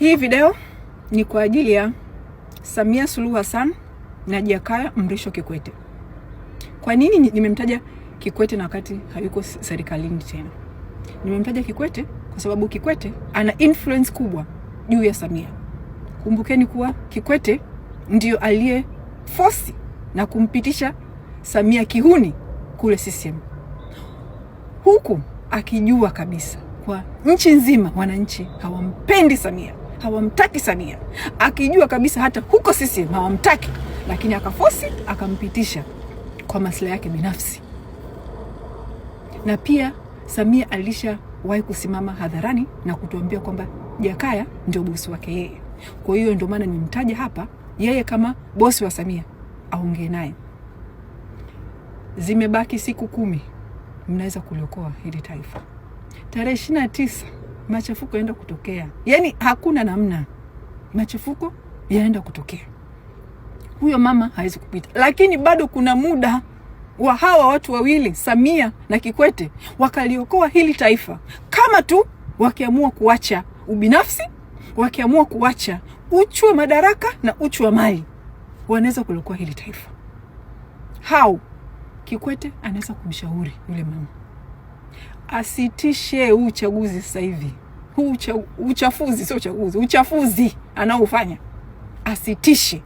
Hii video ni kwa ajili ya Samia Suluhu Hassan na Jakaya Mrisho Kikwete. Kwa nini nimemtaja Kikwete na wakati hayuko serikalini tena? Nimemtaja Kikwete kwa sababu Kikwete ana influence kubwa juu ya Samia. Kumbukeni kuwa Kikwete ndio aliye fosi na kumpitisha Samia kihuni kule CCM, huku akijua kabisa kwa nchi nzima wananchi hawampendi Samia hawamtaki Samia, akijua kabisa hata huko sisi hawamtaki, lakini akafosi akampitisha kwa maslahi yake binafsi. Na pia Samia alishawahi kusimama hadharani na kutuambia kwamba Jakaya ndio bosi wake yeye. Kwa hiyo ndio maana nimemtaja hapa yeye kama bosi wa Samia, aongee naye. Zimebaki siku kumi, mnaweza kuliokoa hili taifa. Tarehe ishirini na tisa machafuko yaenda kutokea, yaani hakuna namna, machafuko yaenda kutokea. Huyo mama hawezi kupita, lakini bado kuna muda wa hawa watu wawili Samia na Kikwete wakaliokoa hili taifa, kama tu wakiamua kuacha ubinafsi, wakiamua kuacha uchu wa madaraka na uchu wa mali, wanaweza kuliokoa hili taifa. Hao Kikwete anaweza kumshauri yule mama asitishe huu uchaguzi sasa hivi. Huu ucha, uchafuzi sio uchaguzi, uchafuzi anaofanya asitishe.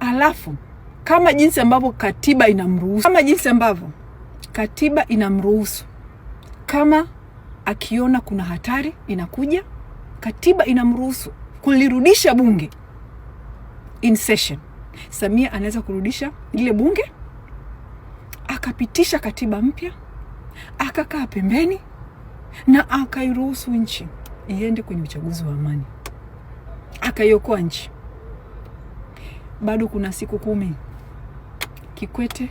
Alafu kama jinsi ambavyo katiba inamruhusu, kama jinsi ambavyo katiba inamruhusu, kama akiona kuna hatari inakuja, katiba inamruhusu kulirudisha bunge in session. Samia anaweza kurudisha ile bunge akapitisha katiba mpya akakaa pembeni na akairuhusu nchi iende kwenye uchaguzi wa amani, akaiokoa nchi. Bado kuna siku kumi. Kikwete,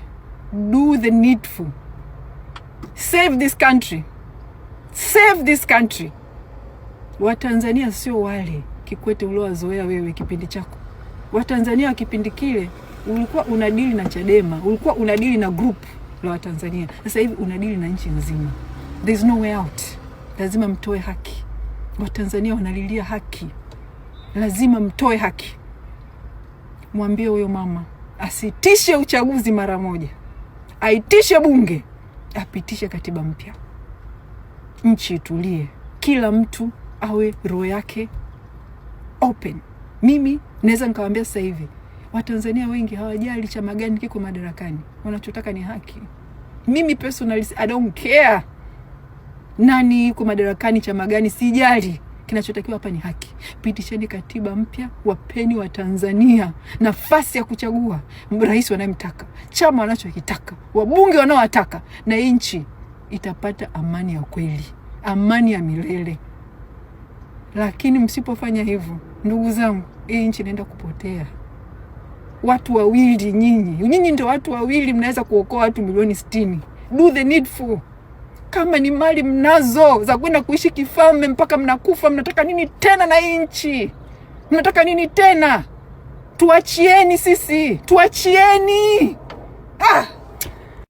do the needful, save this country, save this country. Watanzania sio wale Kikwete uliowazoea wewe kipindi chako. Watanzania wa kipindi kile ulikuwa unadili na Chadema, ulikuwa unadili na grup la Watanzania. Sasa hivi unadili na nchi nzima, there's no way out. Lazima mtoe haki. Watanzania wanalilia haki, lazima mtoe haki. Mwambie huyo mama asitishe uchaguzi mara moja, aitishe bunge, apitishe katiba mpya, nchi itulie, kila mtu awe roho yake open. Mimi naweza nikawambia sasa hivi Watanzania wengi hawajali chama gani kiko madarakani, wanachotaka ni haki. Mimi personally I don't care nani yuko madarakani, chama gani, sijali. Kinachotakiwa hapa ni haki. Pitisheni katiba mpya, wapeni Watanzania nafasi ya kuchagua rais wanayemtaka, chama wanachokitaka, wabunge wanaowataka, na nchi itapata amani ya kweli, amani ya milele. Lakini msipofanya hivyo, ndugu zangu, hii nchi inaenda kupotea watu wawili nyinyi, nyinyi ndio watu wawili mnaweza kuokoa watu milioni sitini. Do the needful. Kama ni mali mnazo za kwenda kuishi kifalme mpaka mnakufa, mnataka nini tena na hii nchi? Mnataka nini tena? Tuachieni sisi, tuachieni ah!